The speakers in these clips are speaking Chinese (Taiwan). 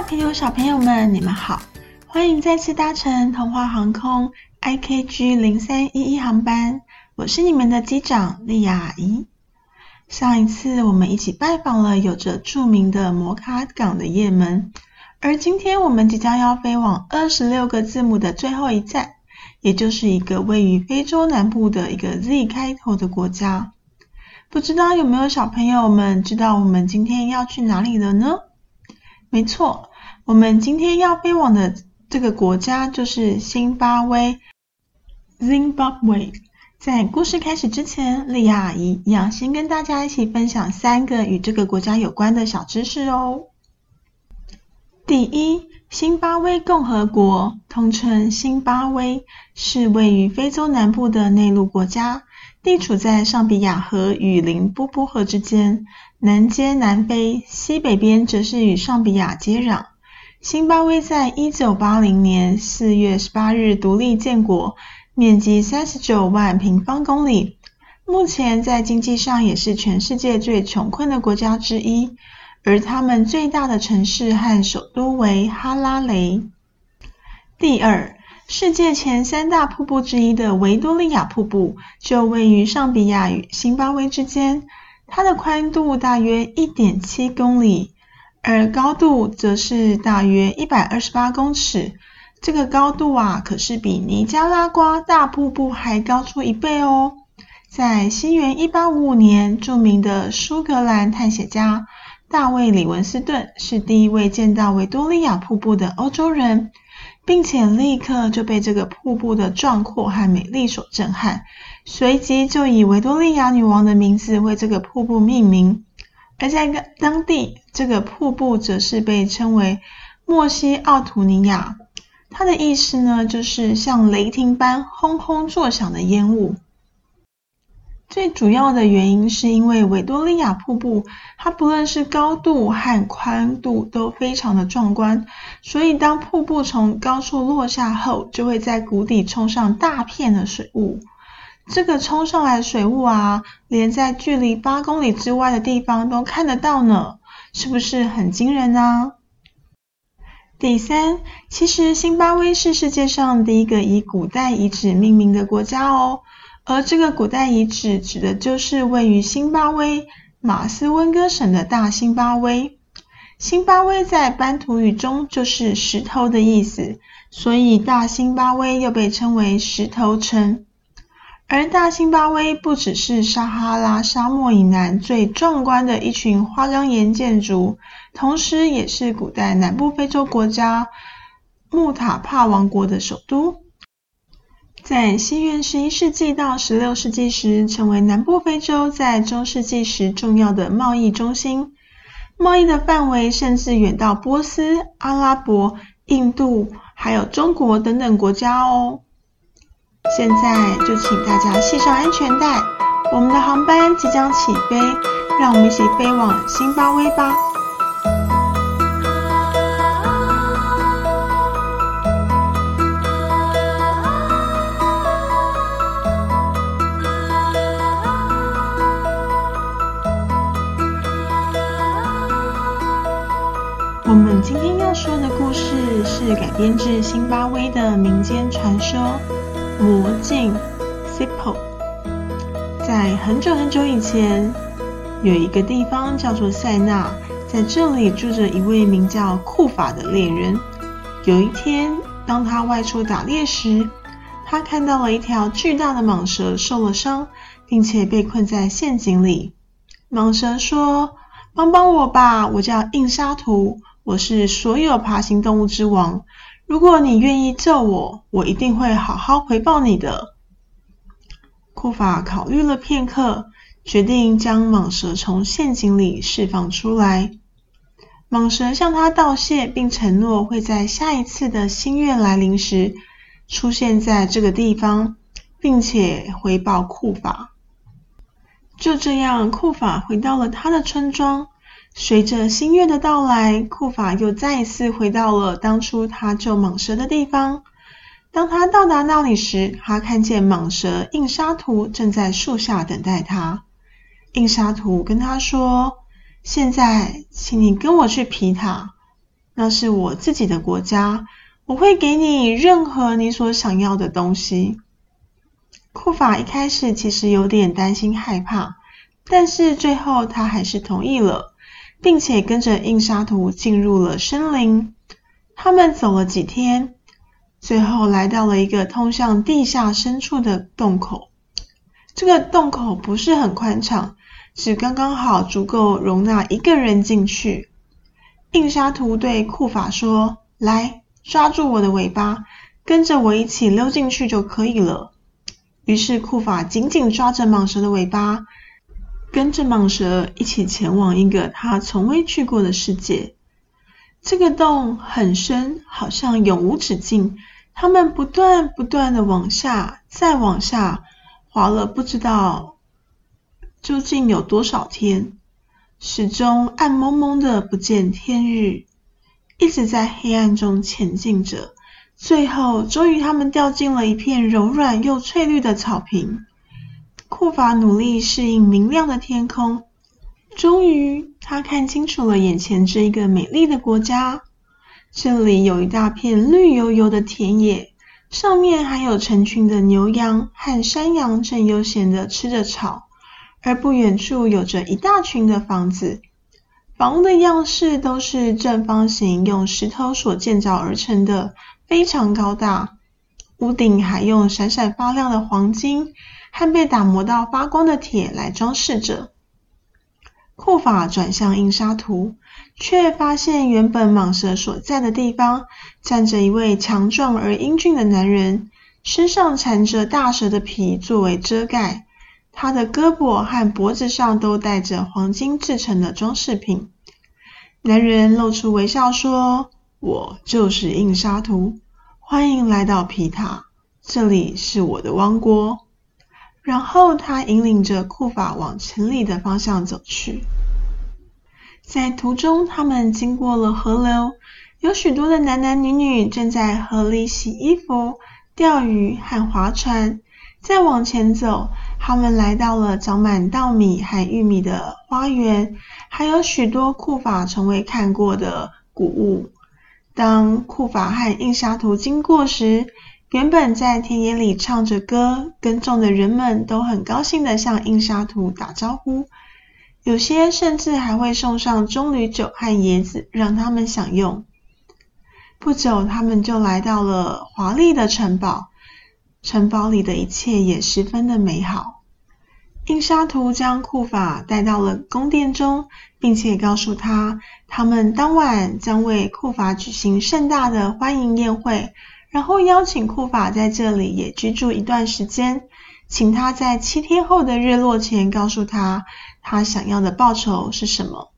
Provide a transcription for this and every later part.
大朋友、小朋友們，你們好，歡迎再次搭乘童話航空 IKG 零三一一航班，我是你們的機長莉亞阿姨。上一次我們一起拜訪了有着著名的摩卡港的葉門，而今天我們即將要飛往二十六個字母的最後一站，也就是一個位於非洲南部的一個 Z 開頭的國家。不知道有沒有小朋友們知道我們今天要去哪裡了呢？沒錯。我們今天要飛往的這個國家就是辛巴威，Zimbabwe。在故事開始之前，莉亞阿姨也要先跟大家一起分享三個與這個國家有關的小知識哦。第一，辛巴威共和國，通稱辛巴威，是位於非洲南部的內陸國家，地處在尚比亞河與林波波河之間，南接南非，西北邊則是與尚比亞接壤。辛巴威在一九八零年四月十八日獨立建國，面積三十九萬平方公里。目前在經濟上也是全世界最窮困的國家之一，而他們最大的城市和首都為哈拉雷。第二，世界前三大瀑布之一的維多利亞瀑布就位於尚比亞與辛巴威之間，它的寬度大約一點七公里。而高度則是大約一百二十八公尺，這個高度啊可是比尼加拉瓜大瀑布還高出一倍哦。在西元一八五五年，著名的蘇格蘭探險家大衛李文斯頓是第一位見到維多利亞瀑布的歐洲人，並且立刻就被這個瀑布的壯闊和美麗所震撼，隨即就以維多利亞女王的名字為這個瀑布命名。而在一個當地，這個瀑布則是被稱為莫西奧圖尼亞，它的意思呢就是像雷霆般轟轟作響的煙霧。最主要的原因是因為維多利亞瀑布，它不論是高度和寬度都非常的壯觀，所以當瀑布從高處落下後，就會在谷底衝上大片的水霧。這個衝上來的水霧啊，連在距離八公里之外的地方都看得到呢，是不是很驚人呢、啊？第三，其實辛巴威是世界上第一個以古代遺址命名的國家哦。而這個古代遺址指，指的就是位於辛巴威馬斯溫哥省的大辛巴威。辛巴威在班圖語中就是石頭的意思，所以大辛巴威又被稱為石頭城。而大辛巴威不只是撒哈拉沙漠以南最壯觀的一群花崗岩建築，同時也是古代南部非洲國家穆塔帕王國的首都。在西元十一世紀到十六世紀時，成為南部非洲在中世紀時重要的貿易中心，貿易的範圍甚至遠到波斯、阿拉伯、印度，還有中國等等國家哦。現在就請大家繫上安全帶，我們的航班即將起飛，讓我們一起飛往辛巴威吧。 我們今天要說的故事是改編自辛巴威的民間傳說。魔鏡 Sippo，在很久很久以前，有一個地方叫做塞納，在這裡住着一位名叫庫法的獵人。有一天，當他外出打獵時，他看到了一條巨大的蟒蛇受了傷，並且被困在陷阱裡。蟒蛇說：“幫幫我吧，我叫印沙圖，我是所有爬行動物之王。”如果你願意救我，我一定會好好回報你的。庫法考慮了片刻，決定將蟒蛇從陷阱裡釋放出來。蟒蛇向他道謝，並承諾會在下一次的新月來臨時出現在這個地方，並且回報庫法。就這樣，庫法回到了他的村莊。隨着新月的到來，庫法又再一次回到了當初他救蟒蛇的地方。當他到達那裡時，他看見蟒蛇印沙圖正在樹下等待他。印沙圖跟他說：“現在，請你跟我去皮塔，那是我自己的國家，我會給你任何你所想要的東西。”庫法一開始其實有點擔心害怕，但是最後他還是同意了。並且跟着印沙圖進入了森林。他們走了幾天，最後來到了一個通向地下深處的洞口。這個洞口不是很寬敞，只剛剛好足夠容納一個人進去。印沙圖對庫法說：“來，抓住我的尾巴，跟着我一起溜進去就可以了。”於是庫法緊緊抓着蟒蛇的尾巴。跟着蟒蛇一起前往一個他從未去過的世界。這個洞很深，好像永無止境。他們不斷不斷的往下，再往下，滑了不知道究竟有多少天，始終暗濛濛的，不見天日，一直在黑暗中前進着。最後，終於他們掉進了一片柔軟又翠綠的草坪。庫法努力適應明亮的天空，終於他看清楚了眼前這一個美麗的國家。這裡有一大片綠油油的田野，上面還有成群的牛羊和山羊正悠閒的吃着草，而不遠處有着一大群的房子。房屋的樣式都是正方形，用石頭所建造而成的，非常高大。屋頂還用閃閃發亮的黃金。和被打磨到發光的鐵來裝飾着。庫法轉向印沙圖，卻發現原本蟒蛇所在的地方站着一位強壯而英俊的男人，身上纏着大蛇的皮作為遮蓋，他的胳膊和脖子上都戴着黃金制成的裝飾品。男人露出微笑說：“我就是印沙圖，歡迎來到皮塔，這裡是我的王國。”然後他引領着庫法往城裡的方向走去。在途中，他們經過了河流，有許多的男男女女正在河裡洗衣服、釣魚和划船。再往前走，他們來到了長滿稻米和玉米的花園，還有許多庫法從未看過的穀物。當庫法和印沙圖經過時，原本在田野裡唱着歌耕種的人們都很高興地向印沙圖打招呼，有些甚至還會送上棕櫚酒和椰子讓他們享用。不久，他們就來到了華麗的城堡，城堡裡的一切也十分的美好。印沙圖將庫法帶到了宮殿中，並且告訴他，他們當晚將為庫法舉行盛大的歡迎宴會。然後邀請庫法在這裡也居住一段時間，請他在七天後的日落前告訴他他想要的報酬是什麼。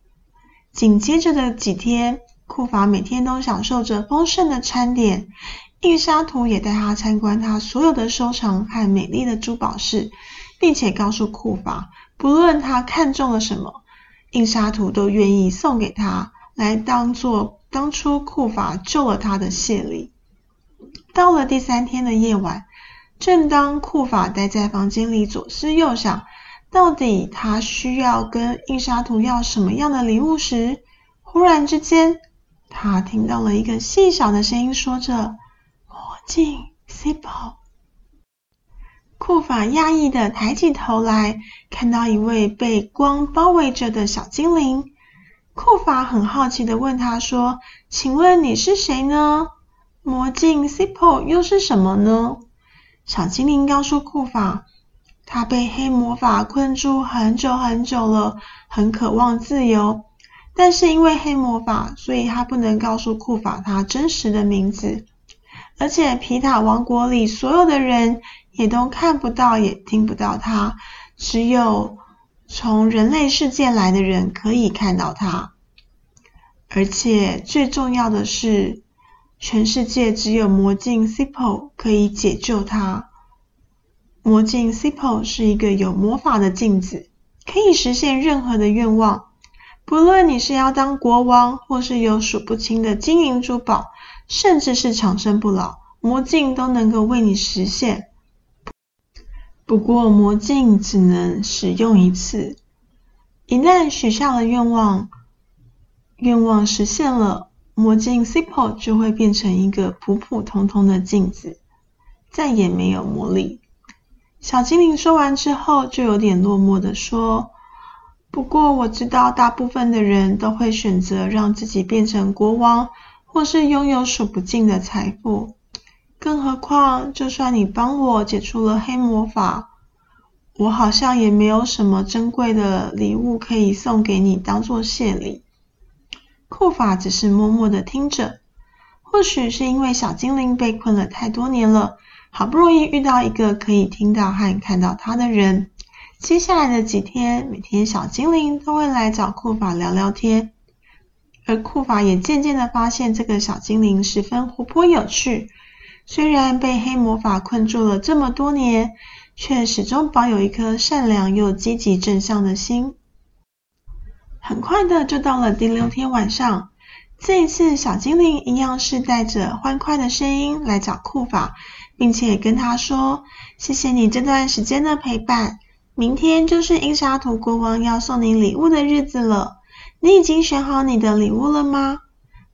緊接着的幾天，庫法每天都享受着豐盛的餐點，印沙圖也帶他參觀他所有的收藏和美麗的珠寶室，並且告訴庫法，不論他看中了什麼，印沙圖都願意送給他來當做當初庫法救了他的謝禮。到了第三天的夜晚，正當庫法待在房間裡左思右想，到底他需要跟印沙圖要什麼樣的禮物時，忽然之間，他聽到了一個細小的聲音，說着：“魔鏡，simple。”庫法訝異的抬起頭來，看到一位被光包圍着的小精靈。庫法很好奇的問他說：“請問你是誰呢？”魔鏡 Simple 又是什麼呢？小精靈告訴庫法，他被黑魔法困住很久很久了，很渴望自由。但是因為黑魔法，所以他不能告訴庫法他真實的名字。而且皮塔王國裡所有的人也都看不到、也聽不到他，只有從人類世界來的人可以看到他。而且最重要的是。全世界只有魔鏡 Simple 可以解救他。魔鏡 Simple 是一個有魔法的鏡子，可以實現任何的願望。不論你是要當國王，或是有數不清的金銀珠寶，甚至是長生不老，魔鏡都能夠為你實現。不過，魔鏡只能使用一次。一旦許下了願望，願望實現了。魔鏡 Simple 就會變成一個普普通通的鏡子，再也沒有魔力。小精靈說完之後，就有點落寞的說：“不過我知道，大部分的人都會選擇讓自己變成國王，或是擁有數不盡的財富。更何況，就算你幫我解除了黑魔法，我好像也沒有什麼珍貴的禮物可以送給你當做謝禮。”庫法只是默默的聽着，或許是因為小精靈被困了太多年了，好不容易遇到一個可以聽到和看到它的人。接下來的幾天，每天小精靈都會來找庫法聊聊天，而庫法也漸漸的發現這個小精靈十分活潑有趣，雖然被黑魔法困住了這麼多年，卻始終保有一顆善良又積極正向的心。很快的就到了第六天晚上，這一次小精靈一樣是帶着歡快的聲音來找庫法，並且跟他說：“謝謝你這段時間的陪伴，明天就是英沙圖國王要送你禮物的日子了，你已經選好你的禮物了嗎？”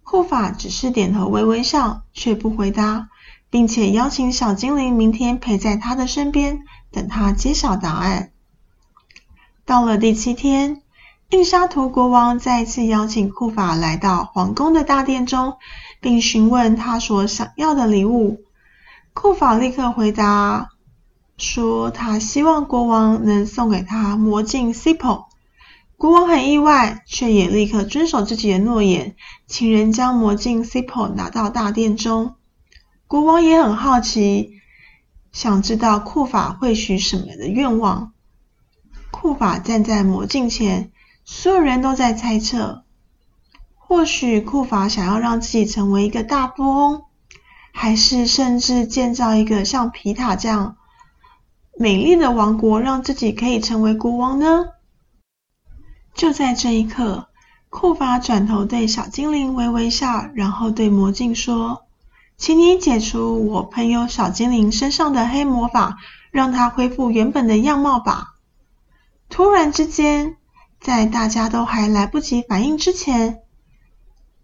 庫法只是點頭微微笑，卻不回答，並且邀請小精靈明天陪在他的身邊，等他揭曉答案。到了第七天。印沙圖國王再次邀請庫法來到皇宮的大殿中，並詢問他所想要的禮物。庫法立刻回答說：“他希望國王能送給他魔鏡 Sipol。”國王很意外，卻也立刻遵守自己的諾言，請人將魔鏡 Sipol 拿到大殿中。國王也很好奇，想知道庫法會許什麼的願望。庫法站在魔鏡前。所有人都在猜測，或許庫法想要讓自己成為一個大富翁，還是甚至建造一個像皮塔這樣美麗的王國，讓自己可以成為國王呢？就在這一刻，庫法轉頭對小精靈微微笑，然後對魔鏡說：“請你解除我朋友小精靈身上的黑魔法，讓他恢復原本的樣貌吧。”突然之間。在大家都還來不及反應之前，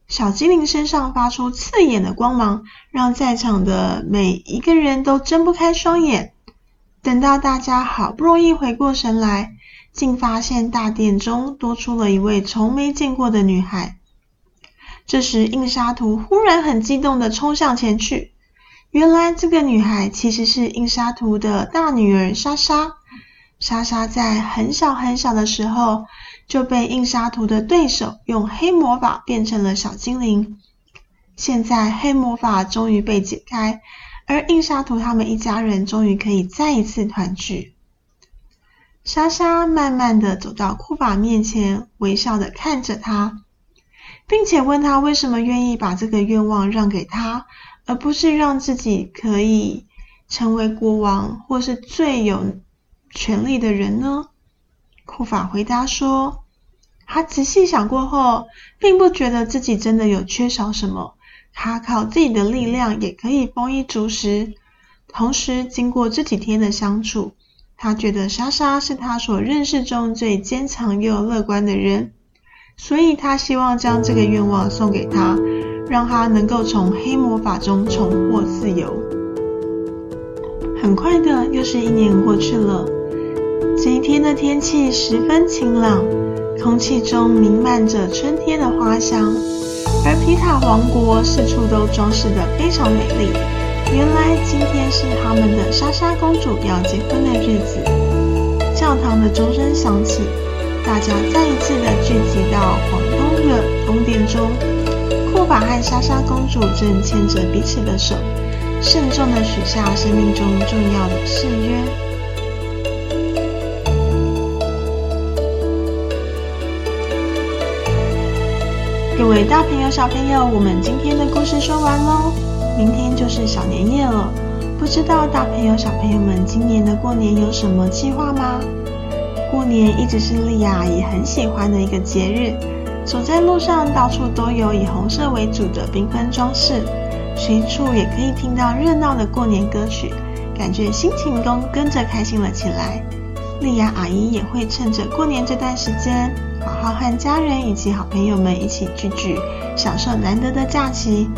小精靈身上發出刺眼的光芒，讓在場的每一個人都睜不開雙眼。等到大家好不容易回過神來，竟發現大殿中多出了一位從沒見過的女孩。這時，印沙圖忽然很激動地衝上前去。原來，這個女孩其實是印沙圖的大女兒莎莎。莎莎在很小很小的時候。就被印沙圖的對手用黑魔法變成了小精靈。現在黑魔法終於被解開，而印沙圖他們一家人終於可以再一次團聚。莎莎慢慢的走到庫法面前，微笑的看着他，並且問他為什麼願意把這個願望讓給他，而不是讓自己可以成為國王或是最有權力的人呢？庫法回答說：“他仔細想過後，並不覺得自己真的有缺少什麼。他靠自己的力量也可以豐衣足食。同時，經過這幾天的相處，他覺得莎莎是他所認識中最堅強又樂觀的人。所以，他希望將這個願望送給他，讓他能夠從黑魔法中重獲自由。”很快的，又是一年過去了。這一天的天氣十分晴朗，空氣中瀰漫着春天的花香，而皮塔王國四處都裝飾的非常美麗。原來今天是他們的莎莎公主要結婚的日子。教堂的鐘聲響起，大家再一次的聚集到皇宮的宮殿中。庫巴和莎莎公主正牽着彼此的手，慎重的許下生命中重要的誓約。各位大朋友、小朋友，我們今天的故事說完嘍。明天就是小年夜了，不知道大朋友、小朋友們今年的過年有什麼計劃嗎？過年一直是莉亞阿姨很喜歡的一個節日。走在路上，到處都有以紅色為主的繽紛裝飾，隨處也可以聽到熱鬧的過年歌曲，感覺心情都跟着開心了起來。莉亞阿姨也會趁着過年這段時間。和家人以及好朋友們一起聚聚，享受難得的假期。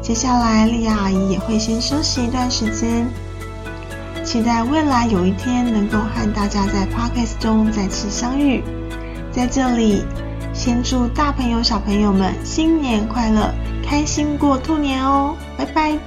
接下來，莉亞阿姨也會先休息一段時間，期待未來有一天能夠和大家在 Podcast 中再次相遇。在這裡，先祝大朋友小朋友們新年快樂，開心過兔年哦！拜拜。